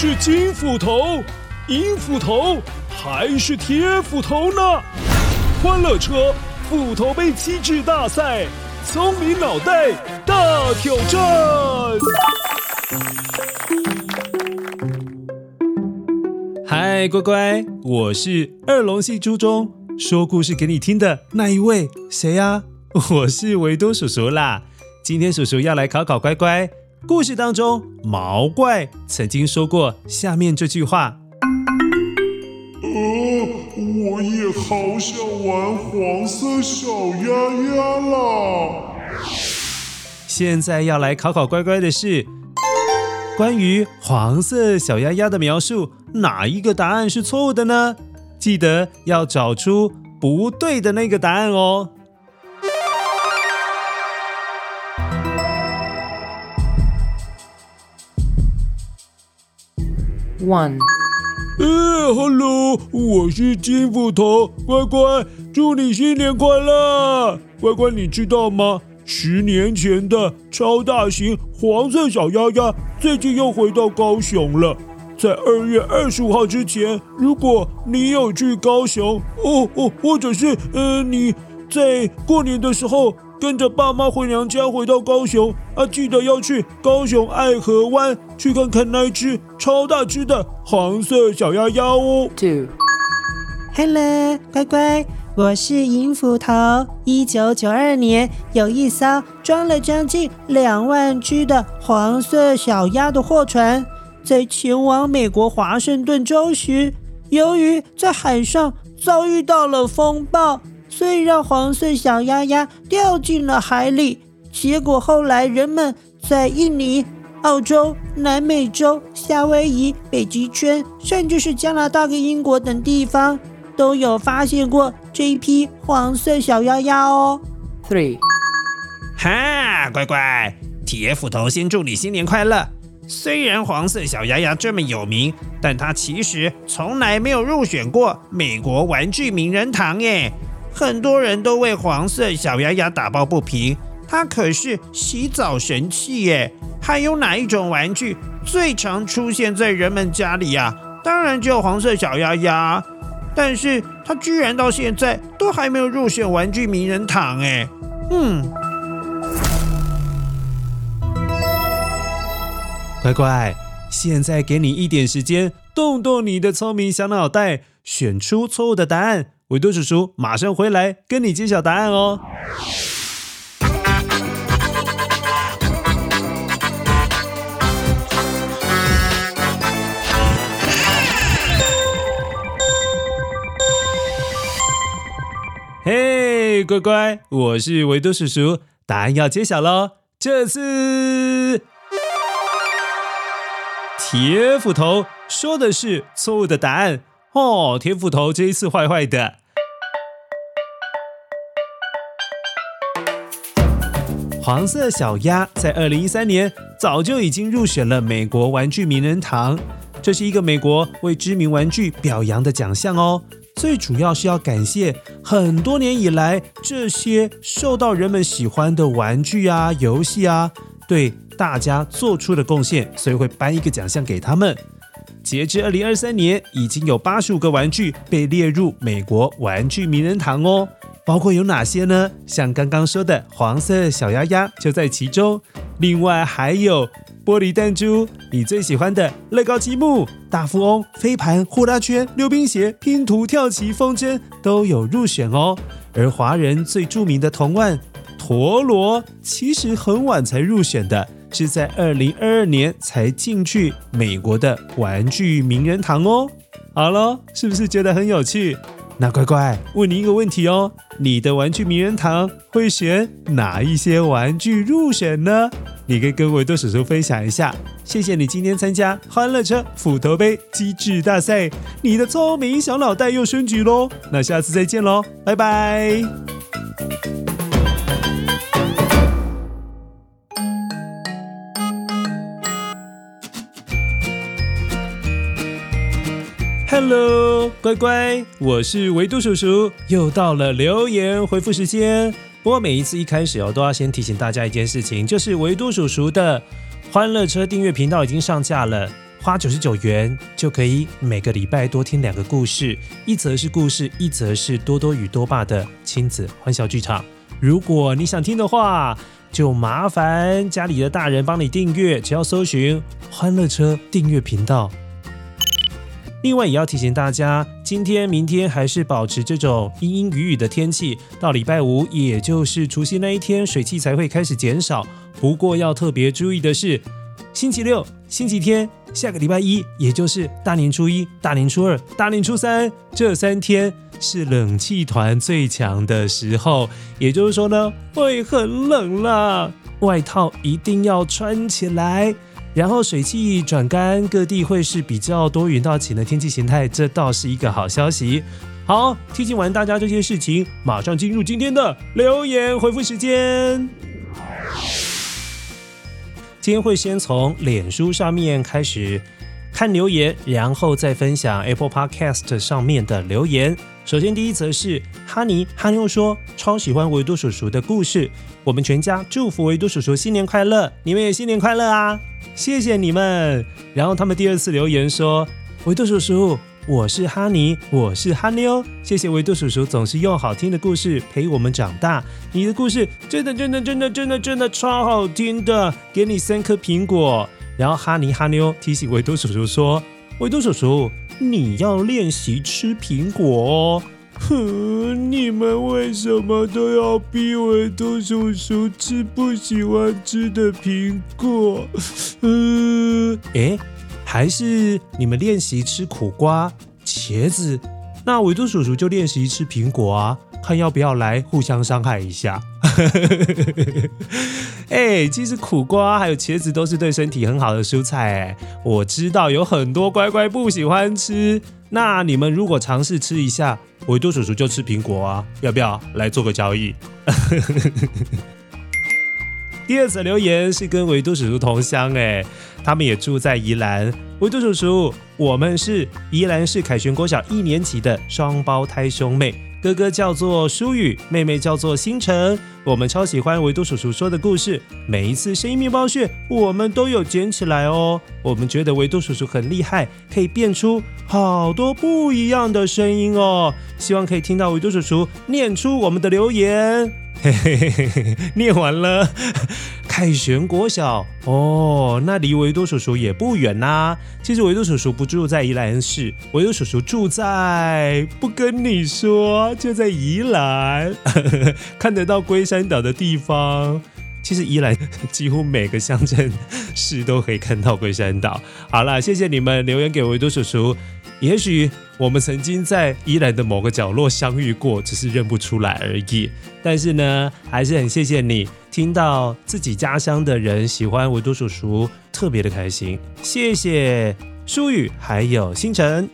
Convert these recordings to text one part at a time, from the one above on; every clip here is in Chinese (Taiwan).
是金斧頭、銀斧頭還是鐵斧頭呢？歡樂車斧頭盃機智大賽，聰明腦袋大挑戰。嗨，乖乖，我是二龍戲珠中說故事給你聽的那一位，誰呀、啊？我是維多叔叔啦。今天叔叔要來考考乖乖。故事當中，毛怪曾經說過下面這句話：“呃，我也好想玩黃色小鴨鴨啦。”現在要來考考乖乖的是，關於黃色小鴨鴨的描述，哪一個答案是錯誤的呢？記得要找出不對的那個答案哦。One，呃、hey，Hello，我是金斧頭，乖乖，祝你新年快樂，乖乖，你知道嗎？十年前的超大型黃色小鴨鴨最近又回到高雄了，在二月二十五號之前，如果你有去高雄，哦哦，或者是呃，你在過年的時候。跟着爸媽回娘家，回到高雄啊！記得要去高雄愛河灣去看看那只超大只的黃色小鴨鴨哦。對 Two.，Hello，乖乖，我是銀斧頭。一九九二年，有一艘裝了將近兩萬只的黃色小鴨的貨船，在前往美國華盛頓州時，由於在海上遭遇到了風暴。所以讓黃色小鴨鴨掉進了海裡。結果後來人們在印尼、澳洲、南美洲、夏威夷、北極圈，甚至是加拿大跟英國等地方，都有發現過這一批黃色小鴨鴨哦。Three，哈，乖乖，鐵斧頭先祝你新年快樂。雖然黃色小鴨鴨這麼有名，但它其實從來沒有入選過美國玩具名人堂耶。很多人都為黃色小鴨鴨打抱不平，它可是洗澡神器耶！還有哪一種玩具最常出現在人們家裡呀？當然只有黃色小鴨鴨，但是它居然到現在都還沒有入選玩具名人堂誒。嗯，乖乖，現在給你一點時間，動動你的聰明小腦袋，選出錯誤的答案。維多叔叔馬上回來，跟你揭曉答案哦！嘿，乖乖，我是維多叔叔，答案要揭曉咯！這次鐵斧頭說的是錯誤的答案。哦，鐵斧頭這一次壞壞的。黃色小鴨在二零一三年早就已經入選了美國玩具名人堂，這是一個美國為知名玩具表揚的獎項哦。最主要是要感謝很多年以來這些受到人們喜歡的玩具啊、遊戲啊，對大家做出的貢獻，所以會頒一個獎項給他們。截至二零二三年，已經有八十五個玩具被列入美國玩具名人堂哦，包括有哪些呢？像剛剛說的黃色小鴨鴨就在其中，另外還有玻璃彈珠、你最喜歡的樂高積木、大富翁、飛盤、呼啦圈、溜冰鞋、拼圖、跳棋風針、風箏都有入選哦。而華人最著名的童玩陀螺，其實很晚才入選的。是在二零二二年才進去美國的玩具名人堂哦。好了，是不是覺得很有趣？那乖乖問你一個問題哦，你的玩具名人堂會選哪一些玩具入選呢？你可以跟我多手手分享一下。謝謝你今天參加歡樂車斧頭盃機智大賽，你的聰明小腦袋又升級嘍。那下次再見嘍，拜拜。Hello，乖乖，我是維都叔叔，又到了留言回復時間。不過每一次一開始哦，都要先提醒大家一件事情，就是維都叔叔的歡樂車訂閱頻道已經上架了，花九十九元就可以每個禮拜多聽兩個故事，一則是故事，一則是多多與多爸的親子歡笑劇場。如果你想聽的話，就麻煩家裡的大人幫你訂閱，只要搜尋歡樂車訂閱頻道。另外也要提醒大家，今天、明天還是保持這種陰陰雨雨的天氣，到禮拜五，也就是除夕那一天，水汽才會開始減少。不過要特別注意的是，星期六、星期天、下個禮拜一，也就是大年初一、大年初二、大年初三這三天是冷氣團最強的時候，也就是說呢，會很冷啦，外套一定要穿起來。然後水汽轉乾，各地會是比較多雲到晴的天氣形態，這倒是一個好消息。好，提醒完大家這件事情，馬上進入今天的留言回覆時間。今天會先從臉書上面開始看留言，然後再分享 Apple Podcast 上面的留言。首先，第一則是哈尼哈妞說超喜歡維多叔叔的故事，我們全家祝福維多叔叔新年快樂，你們也新年快樂啊！謝謝你們。然後他們第二次留言說：維多叔叔，我是哈尼，我是哈妞，謝謝維多叔叔總是用好聽的故事陪我們長大，你的故事真的真的真的真的真的超好聽的，給你三顆蘋果。然後哈尼哈妞提醒維多叔叔說。維多叔叔，你要練習吃蘋果哦。哼，你們為什麼都要逼維多叔叔吃不喜歡吃的蘋果？呃，哎，還是你們練習吃苦瓜、茄子，那維多叔叔就練習吃蘋果啊，看要不要來互相傷害一下。呵呵呵呵呵呵呵呵哎、欸，其實苦瓜還有茄子都是對身體很好的蔬菜。欸、我知道有很多乖乖不喜歡吃，那你們如果嘗試吃一下，維多叔叔就吃蘋果啊，要不要來做個交易？ 第二次留言是跟維多叔叔同鄉哎、欸，他們也住在宜蘭。維多叔叔，我們是宜蘭市凱旋國小一年級的雙胞胎兄妹。哥哥叫做舒宇，妹妹叫做星辰。我們超喜歡維多叔叔說的故事，每一次聲音麵包屑，我們都有撿起來哦。我們覺得維多叔叔很厲害，可以變出好多不一樣的聲音哦。希望可以聽到維多叔叔念出我們的留言。嘿嘿嘿嘿嘿，念完了。 凱旋國小哦，那離維多叔叔也不遠吶、啊。其實維多叔叔不住在宜蘭市，維多叔叔住在，不跟你說，就在宜蘭呵呵，看得到龜山島的地方。其實宜蘭幾乎每個鄉鎮市都可以看到龜山島。好了，謝謝你們留言給維多叔叔。也許我們曾經在宜蘭的某個角落相遇過，只是認不出來而已。但是呢，還是很謝謝你。聽到自己家鄉的人喜歡維多叔叔，特別的開心。謝謝淑雨，還有星辰。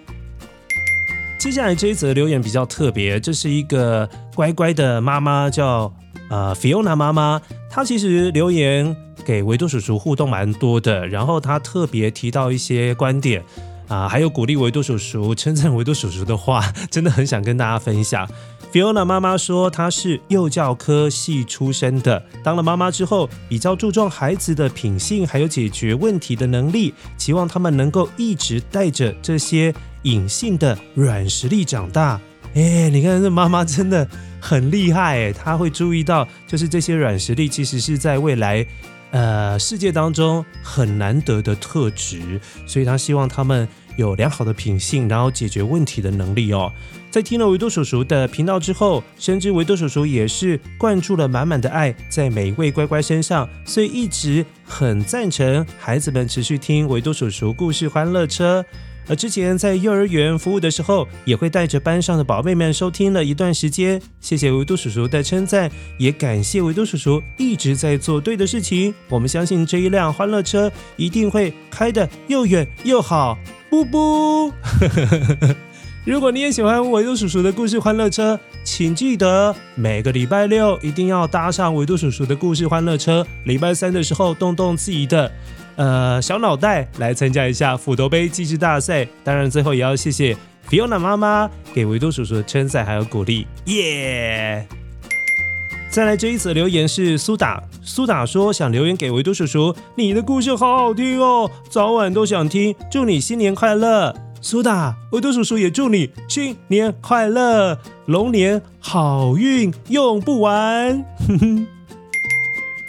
接下來這一則留言比較特別，這是一個乖乖的媽媽，叫呃菲歐娜媽媽，她其實留言給維多叔叔互動蠻多的，然後她特別提到一些觀點。啊，還有鼓勵維多叔叔、稱讚維多叔叔的話，真的很想跟大家分享。菲奧娜媽媽說，她是幼教科系出身的，當了媽媽之後，比較注重孩子的品性，還有解決問題的能力，希望他們能夠一直帶着這些隱性的軟實力長大。哎、欸，你看這媽媽真的很厲害、欸、她會注意到，就是這些軟實力其實是在未來。呃，世界當中很難得的特質，所以他希望他們有良好的品性，然後解決問題的能力哦。在聽了維多叔叔的頻道之後，深知維多叔叔也是灌注了滿滿的愛在每一位乖乖身上，所以一直很贊成孩子們持續聽維多叔叔故事歡樂車。而之前在幼兒園服務的時候，也會帶着班上的寶貝們收聽了一段時間。謝謝維度叔叔的稱讚，也感謝維度叔叔一直在做對的事情。我們相信這一輛歡樂車一定會開得又遠又好。不不， 如果你也喜歡維度叔叔的故事歡樂車，請記得每個禮拜六一定要搭上維度叔叔的故事歡樂車。禮拜三的時候動動自己的。呃，小腦袋來參加一下斧頭杯機智大賽。當然，最後也要謝謝 Fiona 媽媽給維多叔叔的稱讚還有鼓勵，耶、yeah!！再來這一則留言是蘇打，蘇打說想留言給維多叔叔，你的故事好好聽哦，早晚都想聽。祝你新年快樂，蘇打，維多叔叔也祝你新年快樂，龍年好運用不完，哼哼。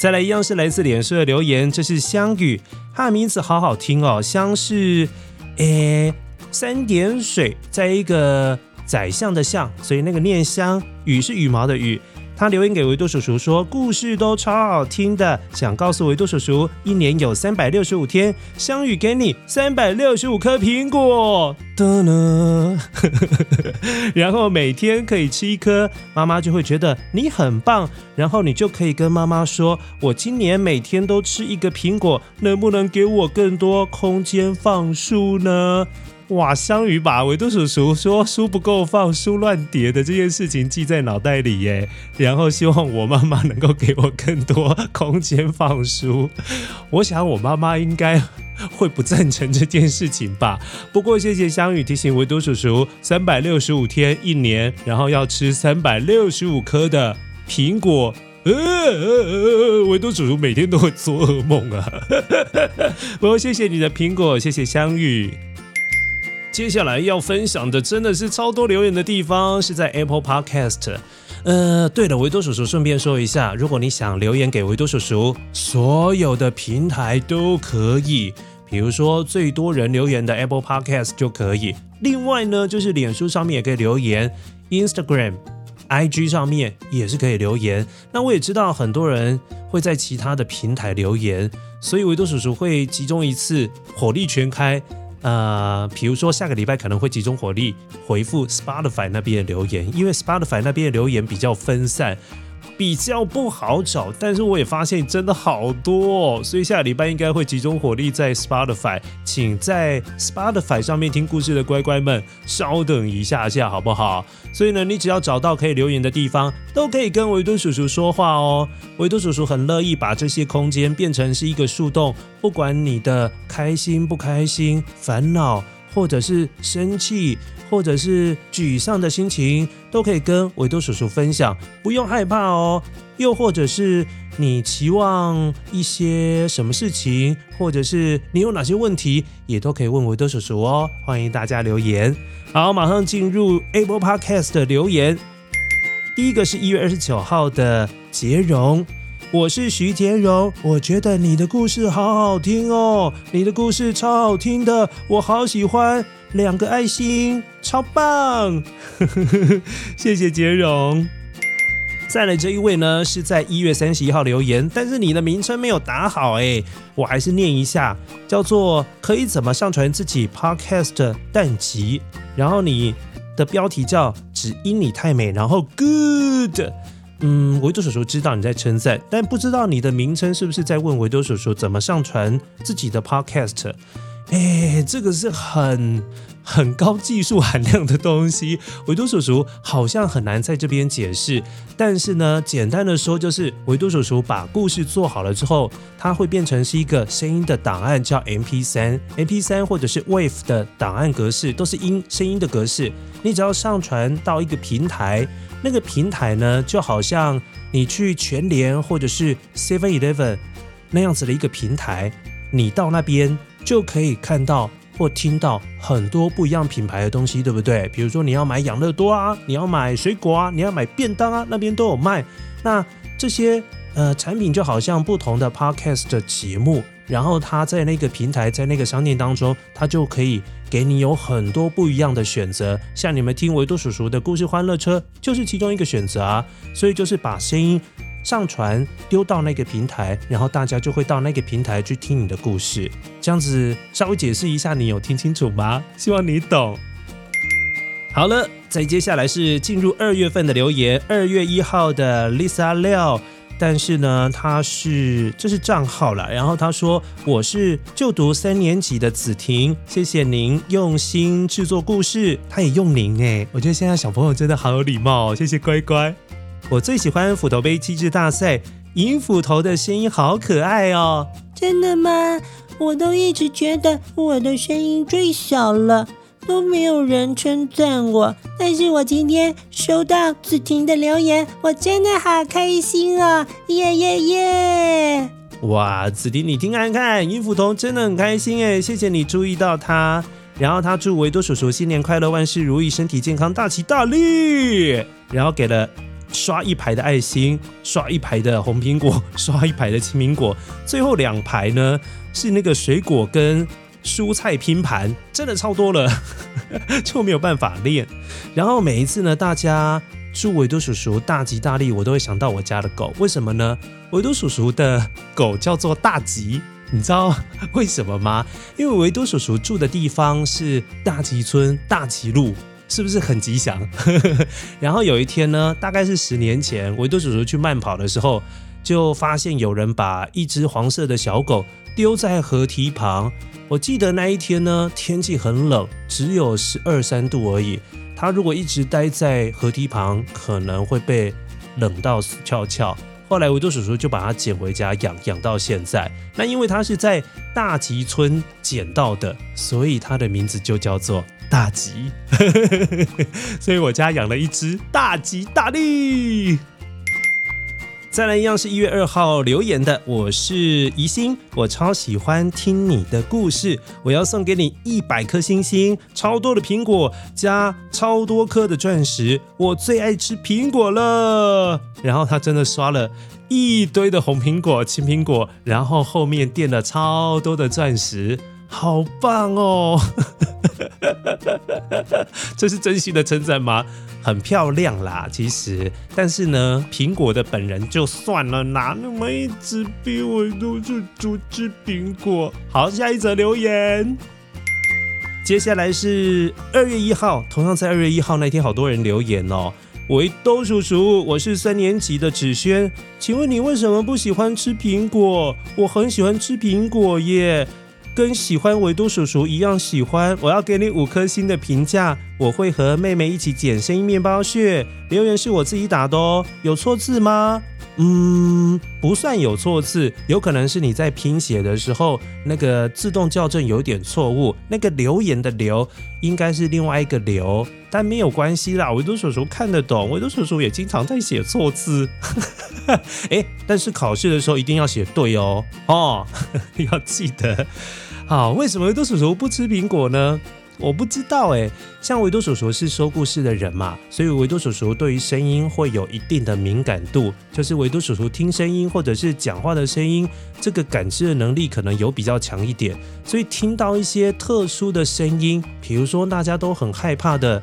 再來一樣是來自臉書的留言，這是香雨，它的名字好好聽哦，香是誒、欸、三點水，加一個宰相的相，所以那個念香雨，是羽毛的羽。他留言給維多叔叔說：“故事都超好聽的，想告訴維多叔叔，一年有三百六十五天，香遇，給你三百六十五顆蘋果，噠噠 然後每天可以吃一顆，媽媽就會覺得你很棒，然後你就可以跟媽媽說，我今年每天都吃一個蘋果，能不能給我更多空間放書呢？”哇，香雨把維多叔叔說書不夠放、書亂疊的這件事情記在腦袋裡耶，然後希望我媽媽能夠給我更多空間放書。我想我媽媽應該會不贊成這件事情吧。不過謝謝香雨提醒維多叔叔，三百六十五天一年，然後要吃三百六十五顆的蘋果。呃、呃、維多叔叔每天都會做噩夢啊。我、哦、謝謝你的蘋果，謝謝香雨。接下來要分享的真的是超多留言的地方，是在 Apple Podcast。呃，對了，維多叔叔順便說一下，如果你想留言給維多叔叔，所有的平台都可以，比如說最多人留言的 Apple Podcast 就可以。另外呢，就是臉書上面也可以留言，Instagram、IG 上面也是可以留言。那我也知道很多人會在其他的平台留言，所以維多叔叔會集中一次火力全開。呃，比如說下個禮拜可能會集中火力回復 Spotify 那邊的留言，因為 Spotify 那邊的留言比較分散。比較不好找，但是我也發現真的好多哦，所以下禮拜應該會集中火力在 Spotify。請在 Spotify 上面聽故事的乖乖們，稍等一下下，好不好？所以呢，你只要找到可以留言的地方，都可以跟維多叔叔說話哦。維多叔叔很樂意把這些空間變成是一個樹洞，不管你的開心不開心、煩惱或者是生氣。或者是沮喪的心情都可以跟維多叔叔分享，不用害怕哦。又或者是你期望一些什麼事情，或者是你有哪些問題，也都可以問維多叔叔哦。歡迎大家留言。好，馬上進入 Apple Podcast 的留言。第一個是一月二十九號的杰榮。我是徐杰榮，我覺得你的故事好好聽哦，你的故事超好聽的，我好喜歡。兩個愛心，超棒！呵呵呵，謝謝杰榮。再來這一位呢，是在一月三十一號留言，但是你的名稱沒有打好哎、欸，我還是念一下，叫做可以怎麼上傳自己 podcast 單集？然後你的標題叫“只因你太美”，然後 good。嗯，維多叔叔知道你在稱讚，但不知道你的名稱是不是在問維多叔叔怎麼上傳自己的 podcast。哎、欸，這個是很很高技術含量的東西，維多叔叔好像很難在這邊解釋。但是呢，簡單的說，就是維多叔叔把故事做好了之後，它會變成是一個聲音的檔案，叫 MP3、MP3 或者是 Wave 的檔案格式，都是音聲音的格式。你只要上傳到一個平台，那個平台呢，就好像你去全聯或者是 Seven Eleven 那樣子的一個平台，你到那邊。就可以看到或聽到很多不一樣品牌的東西，對不對？比如說你要買養樂多啊，你要買水果啊，你要買便當啊，那邊都有賣。那這些呃產品就好像不同的 podcast 的節目，然後它在那個平台、在那個商店當中，它就可以給你有很多不一樣的選擇。像你們聽維多叔叔的故事、歡樂車，就是其中一個選擇啊。所以就是把聲音。上傳丟到那個平台，然後大家就會到那個平台去聽你的故事。這樣子稍微解釋一下，你有聽清楚嗎？希望你懂。好了，再接下來是進入二月份的留言，二月一號的 Lisa 廖，但是呢，他是這是賬號了。然後他說：“我是就讀三年級的子婷，謝謝您用心制作故事。”他也用您哎、欸，我覺得現在小朋友真的好有禮貌哦，謝謝乖乖。我最喜歡斧頭杯機智大賽，銀斧頭的聲音好可愛哦！真的嗎？我都一直覺得我的聲音最小了，都沒有人稱讚我。但是我今天收到子婷的留言，我真的好開心啊、哦！耶耶耶！哇，子婷你聽看看，銀斧頭真的很開心耶，謝謝你注意到他，然後他祝維多叔叔新年快樂，萬事如意，身體健康，大吉大利。然後給了。刷一排的愛心，刷一排的紅蘋果，刷一排的青蘋果，最後兩排呢是那個水果跟蔬菜拼盤，真的超多了， 就沒有辦法練。然後每一次呢，大家祝維多叔叔大吉大利，我都會想到我家的狗，為什麼呢？維多叔叔的狗叫做大吉，你知道為什麼嗎？因為維多叔叔住的地方是大吉村大吉路。是不是很吉祥？ 然後有一天呢，大概是十年前，維多叔叔去慢跑的時候，就發現有人把一隻黃色的小狗丟在河堤旁。我記得那一天呢，天氣很冷，只有十二三度而已。它如果一直待在河堤旁，可能會被冷到死翹翹。後來維多叔叔就把它撿回家養，養到現在。那因為它是在大吉村撿到的，所以它的名字就叫做大吉。 所以我家養了一隻大吉大利。再來一樣是一月二號留言的，我是宜心，我超喜歡聽你的故事，我要送給你一百顆星星，超多的蘋果加超多顆的鑽石，我最愛吃蘋果了。然後他真的刷了一堆的紅蘋果、青蘋果，然後後面墊了超多的鑽石。好棒哦！ 這是真心的稱讚嗎？很漂亮啦，其實。但是呢，蘋果的本人就算了，拿你們一直逼我都是煮吃蘋果。好，下一則留言。接下來是二月一號，同樣在二月一號那天，好多人留言哦。喂，兜叔叔，我是三年級的芷萱，請問你為什麼不喜歡吃蘋果？我很喜歡吃蘋果耶。跟喜歡維都叔叔一樣喜歡，我要給你五顆星的評價。我會和妹妹一起剪生意麵包屑。留言是我自己打的哦，有錯字嗎？嗯，不算有錯字，有可能是你在拼寫的時候那個自動校正有點錯誤。那個留言的“留”應該是另外一個“留”，但沒有關係啦。維都叔叔看得懂，維都叔叔也經常在寫錯字。哎， 但是考試的時候一定要寫對哦。哦，要記得。好，為什麼維多叔叔不吃蘋果呢？我不知道誒，像維多叔叔是說故事的人嘛，所以維多叔叔對於聲音會有一定的敏感度，就是維多叔叔聽聲音或者是講話的聲音，這個感知的能力可能有比較強一點。所以聽到一些特殊的聲音，比如說大家都很害怕的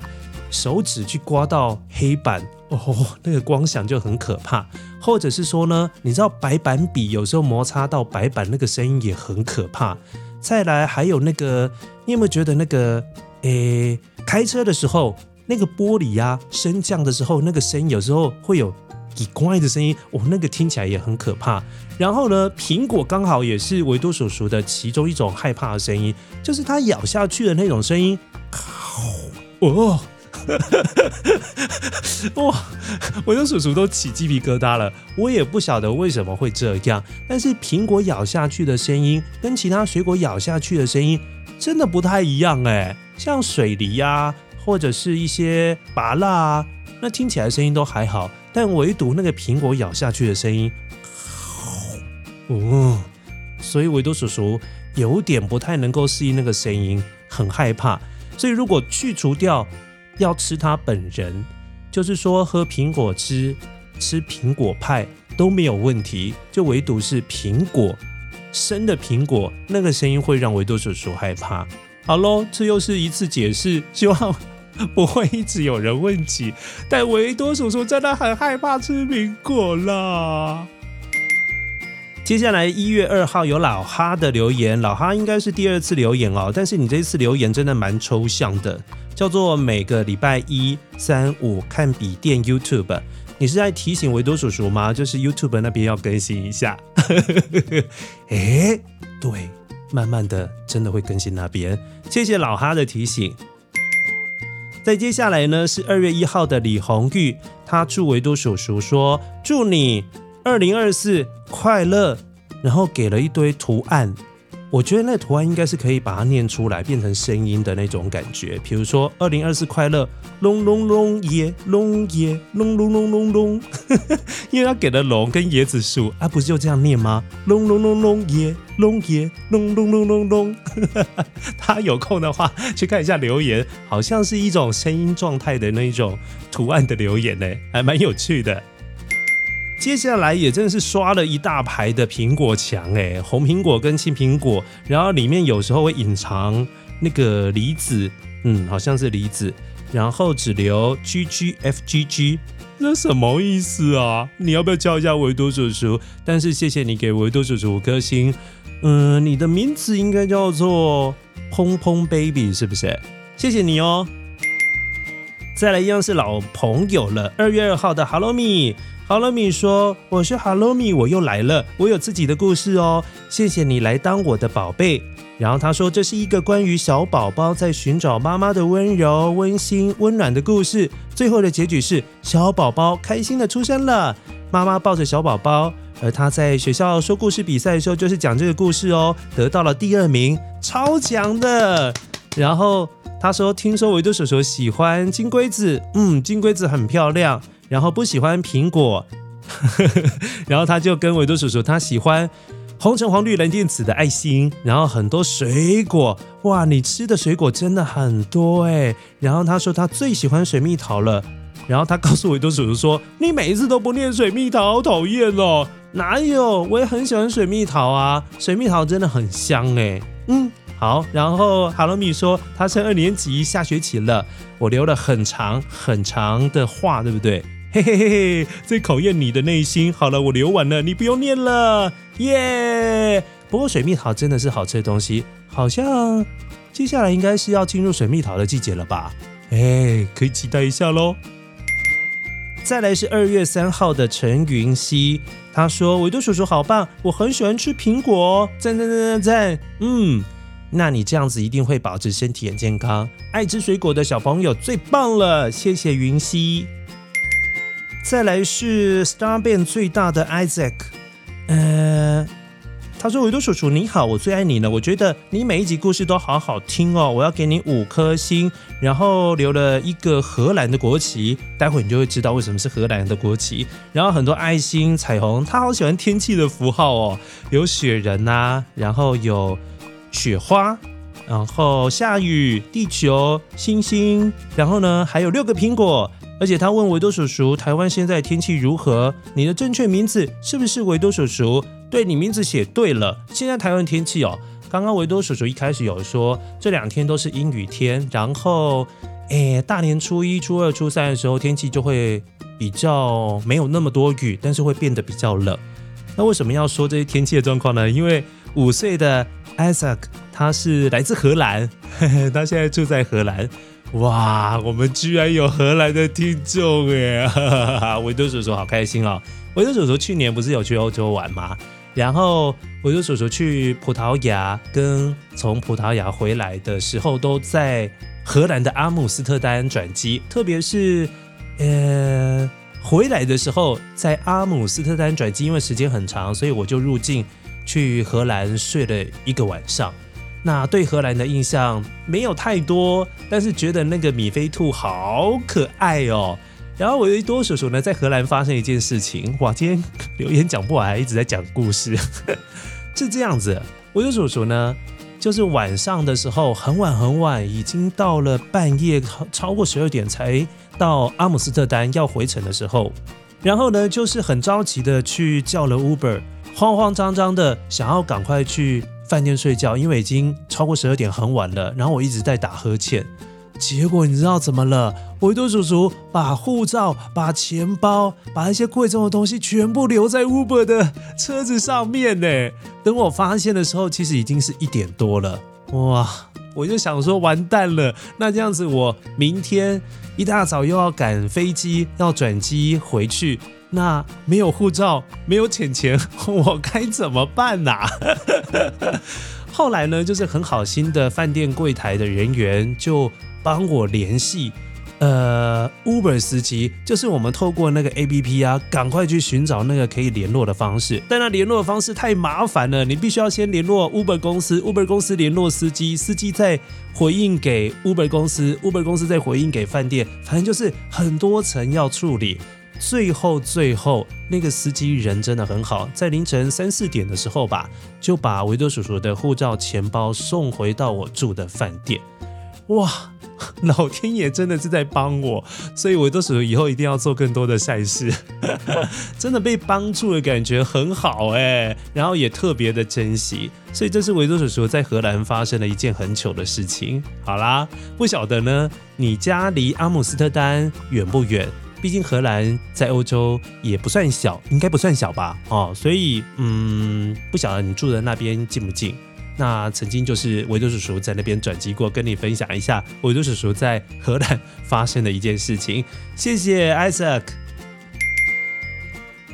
手指去刮到黑板，哦，那個光想就很可怕。或者是說呢，你知道白板筆有時候摩擦到白板那個聲音也很可怕。再來還有那個，你有沒有覺得那個，誒、欸，開車的時候那個玻璃呀、啊、升降的時候那個聲音，有時候會有奇怪的聲音，我、哦、那個聽起來也很可怕。然後呢，蘋果剛好也是維多叔叔的其中一種害怕的聲音，就是它咬下去的那種聲音，哦。 哇！維多叔叔都起雞皮疙瘩了。我也不曉得為什麼會這樣，但是蘋果咬下去的聲音跟其他水果咬下去的聲音真的不太一樣哎、欸。像水梨呀、啊，或者是一些芭樂啊，那聽起來聲音都還好，但唯獨那個蘋果咬下去的聲音，嗯，所以維多叔叔有點不太能夠適應那個聲音，很害怕。所以如果去除掉。要吃他本人，就是說喝蘋果汁、吃蘋果派都沒有問題，就唯獨是蘋果生的蘋果，那個聲音會讓維多叔叔害怕。好咯，這又是一次解釋，希望不會一直有人問起。但維多叔叔真的很害怕吃蘋果啦。接下來一月二號有老哈的留言，老哈應該是第二次留言哦。但是你這次留言真的蠻抽象的，叫做每個禮拜一、三、五看筆電 YouTube。你是在提醒維多叔叔嗎？就是 YouTube 那邊要更新一下。 誒，對，慢慢的真的會更新那邊。謝謝老哈的提醒。在接下來呢是二月一號的李紅玉，他祝維多叔叔說，祝你二零二四。快樂，然後給了一堆圖案，我覺得那圖案應該是可以把它念出來變成聲音的那種感覺。比如說，二零二四快樂，龍龍龍耶龍耶龍龍龍龍龍，因為他給了龍跟椰子樹，啊，不是就這樣念嗎？龍龍龍龍耶龍耶龍龍龍龍龍，他有空的話去看一下留言，好像是一種聲音狀態的那一種圖案的留言呢，還蠻有趣的。接下來也真的是刷了一大排的蘋果牆哎、欸，紅蘋果跟青蘋果，然後裡面有時候會隱藏那個梨子，嗯，好像是梨子，然後只留 G G F G G，那什麼意思啊？你要不要叫一下維多叔叔？但是謝謝你給維多叔叔五顆星，嗯，你的名字應該叫做砰砰 baby 是不是、欸？謝謝你哦。再來一樣是老朋友了，二月二號的 Hello 米，Hello 米說：“我是 Hello 米，我又來了，我有自己的故事哦，謝謝你來當我的寶貝。”然後他說：“這是一個關於小寶寶在尋找媽媽的溫柔、溫馨、溫暖的故事，最後的結局是小寶寶開心地出生了，媽媽抱着小寶寶。而他在學校說故事比賽的時候，就是講這個故事哦，得到了第二名，超強的。”然後他說：“聽說維多叔叔喜歡金龜子，嗯，金龜子很漂亮。然後不喜歡蘋果。呵呵，然後他就跟維多叔叔，他喜歡紅橙黃綠藍靛紫的愛心，然後很多水果。哇，你吃的水果真的很多哎。然後他說他最喜歡水蜜桃了。然後他告訴維多叔叔說：你每一次都不念水蜜桃，好討厭哦！哪有？我也很喜歡水蜜桃啊，水蜜桃真的很香哎，嗯。”好，然後哈羅米說他升二年級下學期了。我留了很長很長的話，對不對？嘿嘿嘿，最考驗你的內心。好了，我留完了，你不用念了，耶、yeah!！不過水蜜桃真的是好吃的東西，好像接下來應該是要進入水蜜桃的季節了吧？哎，可以期待一下嘍。再來是二月三號的陳雲熙，他說維多叔叔好棒，我很喜歡吃蘋果，哦，讚，讚讚讚讚讚，嗯。那你這樣子一定會保持身體很健康，愛吃水果的小朋友最棒了，謝謝雲溪。再來是 Star Band 最大的 Isaac，嗯、呃、他說維多叔叔你好，我最愛你了，我覺得你每一集故事都好好聽哦，我要給你五顆星，然後留了一個荷蘭的國旗，待會你就會知道為什麼是荷蘭的國旗。然後很多愛心、彩虹，他好喜歡天氣的符號哦，有雪人啊，然後有。雪花、然後下雨、地球、星星，然後呢還有六個蘋果，而且他問維多叔叔，台灣現在天氣如何？你的正確名字是不是維多叔叔？對，你名字寫對了。現在台灣天氣哦，剛剛維多叔叔一開始有說，這兩天都是陰雨天，然後，誒，大年初一、初二、初三的時候天氣就會比較沒有那麼多雨，但是會變得比較冷。那為什麼要說這些天氣的狀況呢？因為五歲的。Isaac，他是來自荷蘭，他現在住在荷蘭。哇，我們居然有荷蘭的聽眾哎！哈哈哈哈，維多叔叔好開心哦、喔。維多叔叔去年不是有去歐洲玩嗎？然後維多叔叔去葡萄牙，跟從葡萄牙回來的時候，都在荷蘭的阿姆斯特丹轉機。特別是呃、欸，回來的時候在阿姆斯特丹轉機，因為時間很長，所以我就入境。去荷蘭睡了一個晚上，那對荷蘭的印象沒有太多，但是覺得那個米菲兔好可愛哦、喔。然後我又多說說呢，在荷蘭發生一件事情，哇今天，留言講不完，一直在講故事， 是這樣子。我又說說呢，就是晚上的時候，很晚很晚，已經到了半夜，超過十二點才到阿姆斯特丹要回程的時候，然後呢，就是很着急的去叫了 Uber。慌慌張張的想要趕快去飯店睡覺，因為已經超過十二點很晚了。然後我一直在打呵欠，結果你知道怎麼了？維多叔叔把護照、把錢包、把一些貴重的東西全部留在 Uber 的車子上面呢。等我發現的時候，其實已經是一點多了。哇，我就想說，完蛋了！那這樣子，我明天一大早又要趕飛機，要轉機回去。那沒有護照，沒有錢錢，我該怎麼辦呢、啊？ 後來呢，就是很好心的飯店櫃檯的人員就幫我聯繫，呃，Uber 司機，就是我們透過那個 APP 啊，趕快去尋找那個可以聯絡的方式。但那聯絡的方式太麻煩了，你必須要先聯絡 Uber 公司，Uber 公司聯絡司機，司機再回應給 Uber 公司，Uber 公司再回應給飯店，反正就是很多層要處理。最後，最後，最後那個司機人真的很好，在凌晨三四點的時候吧，就把維多叔叔的護照、錢包送回到我住的飯店。哇，老天爺真的是在幫我，所以維多叔叔以後一定要做更多的善事。 真的被幫助的感覺很好哎，欸，然後也特別的珍惜。所以這是維多叔叔在荷蘭發生了一件很糗的事情。好啦，不曉得呢，你家離阿姆斯特丹遠不遠？畢竟荷蘭在歐洲也不算小，應該不算小吧？哦，所以嗯，不曉得你住的那邊近不近？那曾經就是維多叔叔在那邊轉機過，跟你分享一下維多叔叔在荷蘭發生的一件事情。謝謝 Isaac。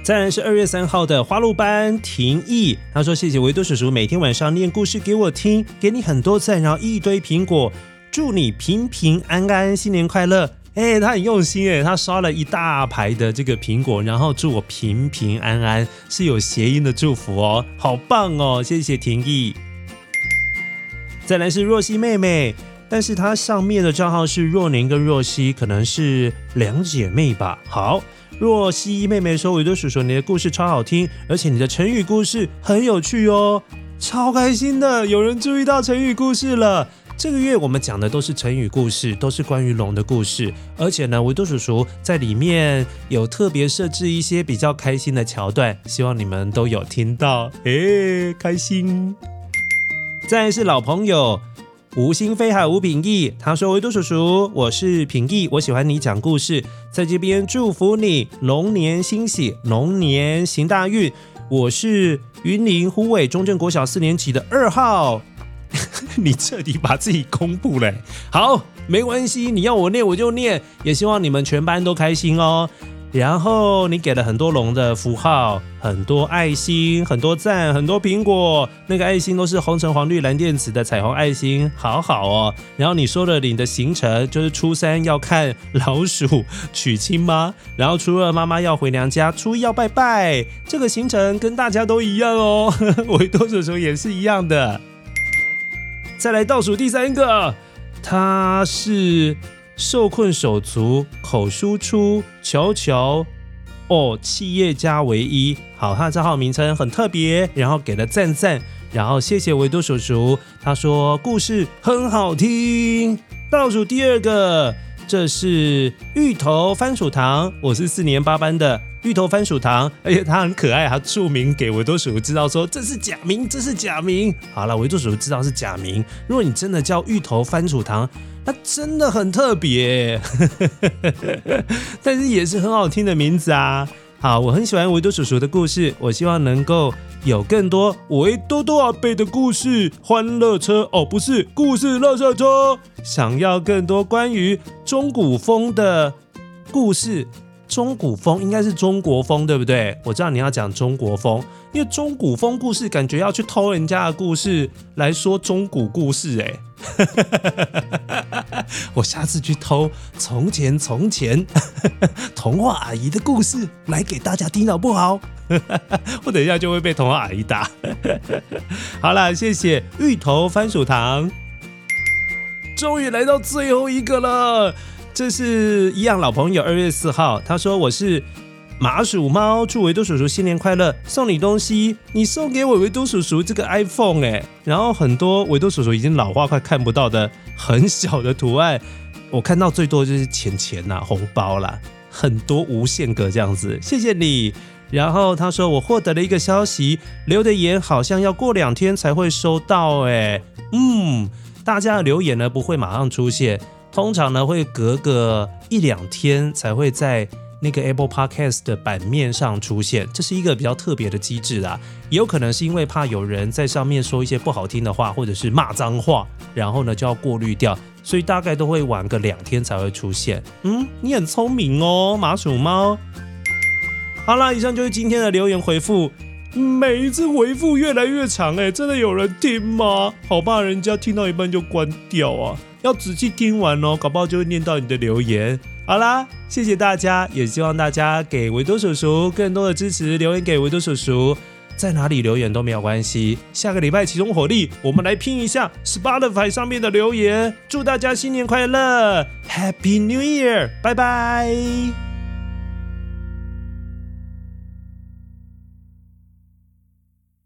再來是二月三號的花路班庭意，他說謝謝維多叔叔每天晚上念故事給我聽，給你很多讚，然後一堆蘋果，祝你平平安安，新年快樂。哎、欸，他很用心哎，他刷了一大排的這個蘋果，然後祝我平平安安，是有諧音的祝福哦，好棒哦，謝謝婷義。再來是若曦妹妹，但是她上面的賬號是若寧跟若曦，可能是兩姐妹吧。好，若曦妹妹說，維多叔叔你的故事，超好聽，而且你的成語故事很有趣哦，超開心的，有人注意到成語故事了。這個月我們講的都是成語故事，都是關於龍的故事，而且呢，維都叔叔在裡面有特別設置一些比較開心的橋段，希望你們都有聽到，哎，開心。再來是老朋友，無心非海，無品義，他說：“維都叔叔，我是品義，我喜歡你講故事，在這邊祝福你，龍年新禧，龍年行大運。”我是雲林虎尾中正國小四年級的二號。 你徹底把自己公布了，好，沒關係，你要我念我就念，也希望你們全班都開心哦。然後你給了很多龍的符號，很多愛心，很多讚，很多蘋果。那個愛心都是紅橙黃綠藍靛紫的彩虹愛心，好好哦。然後你說了你的行程，就是初三要看老鼠娶親嗎？然後初二媽媽要回娘家，初一要拜拜。這個行程跟大家都一樣哦， 我多數時候也是一樣的。再來倒數第三個，他是受困手足口輸出球球，哦，企業家唯一，好，他的賬號名稱很特別，然後給了讚讚，然後謝謝維多叔叔，他說故事很好聽。倒數第二個，這是芋頭番薯糖，我是四年八班的。芋頭番薯糖，而且他很可愛。還註明給維多鼠知道說，這是假名，這是假名。好了，維多鼠知道是假名。如果你真的叫芋頭番薯糖，他真的很特別， 但是也是很好聽的名字啊。好，我很喜歡維多鼠鼠的故事。我希望能夠有更多維多多阿伯的故事。歡樂車哦，不是故事垃圾車。想要更多關於中古風的故事。中古風應該是中國風，對不對？我知道你要講中國風，因為中古風故事感覺要去偷人家的故事來說中古故事，哎， 我下次去偷從前從前童話阿姨的故事來給大家聽，好不好？ 我等一下就會被童話阿姨打。 好了，謝謝芋頭番薯糖，終於來到最後一個了。這是一樣老朋友，二月四號，他說我是麻薯貓，祝維多叔叔新年快樂，送你東西，你送給我維維多叔叔這個 iPhone 哎，然後很多維多叔叔已經老花快看不到的很小的圖案，我看到最多就是錢錢啊、紅包啦，很多無限格這樣子，謝謝你。然後他說我獲得了一個消息，留的言好像要過兩天才會收到哎，嗯，大家的留言呢不會馬上出現。通常呢，會隔個一兩天才會在那個 Apple Podcast 的版面上出現，這是一個比較特別的機制啦。也有可能是因為怕有人在上面說一些不好聽的話，或者是罵髒話，然後呢就要過濾掉，所以大概都會晚個兩天才會出現。嗯，你很聰明哦，麻薯貓。好啦，以上就是今天的留言回復。每一次回復越來越長欸，真的有人聽嗎？好怕人家聽到一半就關掉啊。要仔細聽完哦，搞不好就會念到你的留言。好啦，謝謝大家，也希望大家給維多叔叔更多的支持，留言給維多叔叔，在哪裡留言都沒有關係。下個禮拜集中火力，我們來拼一下 Spotify 上面的留言。祝大家新年快樂，Happy New Year！拜拜。